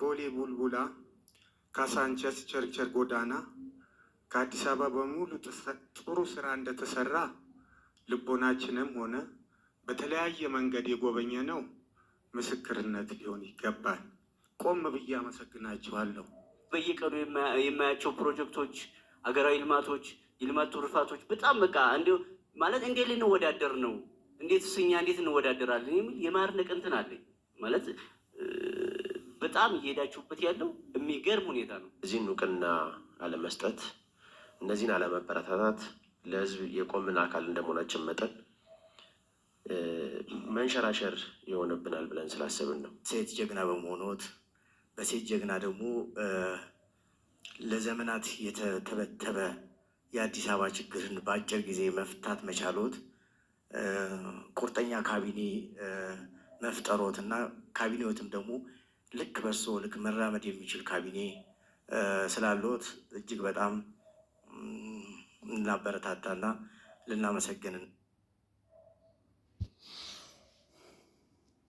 ቦሌ ቡልቡላ፣ ካሳንቸስ ቸርቸር ጎዳና ከአዲስ አበባ በሙሉ ጥሩ ስራ እንደተሰራ ልቦናችንም ሆነ በተለያየ መንገድ የጎበኘ ነው ምስክርነት ሊሆን ይገባል። ቆም ብዬ አመሰግናችኋለሁ። በየቀኑ የማያቸው ፕሮጀክቶች፣ አገራዊ ልማቶች፣ የልማት ትሩፋቶች በጣም በቃ እንዲ ማለት እንዴት ልንወዳደር ነው? እንዴት ስኛ እንዴት እንወዳደራለን? የሚል የማርነቅ እንትን አለኝ ማለት በጣም እየሄዳችሁበት ያለው የሚገርም ሁኔታ ነው። እዚህን እውቅና አለመስጠት፣ እነዚህን አለመበረታታት ለህዝብ የቆምን አካል እንደመሆናችን መጠን መንሸራሸር ይሆንብናል ብለን ስላሰብን ነው። ሴት ጀግና በመሆኖት በሴት ጀግና ደግሞ ለዘመናት የተተበተበ የአዲስ አበባ ችግርን በአጭር ጊዜ መፍታት መቻሎት ቁርጠኛ ካቢኔ መፍጠሮት እና ካቢኔዎትም ደግሞ ልክ በእርሶ ልክ መራመድ የሚችል ካቢኔ ስላሉት እጅግ በጣም ና ልናመሰግንን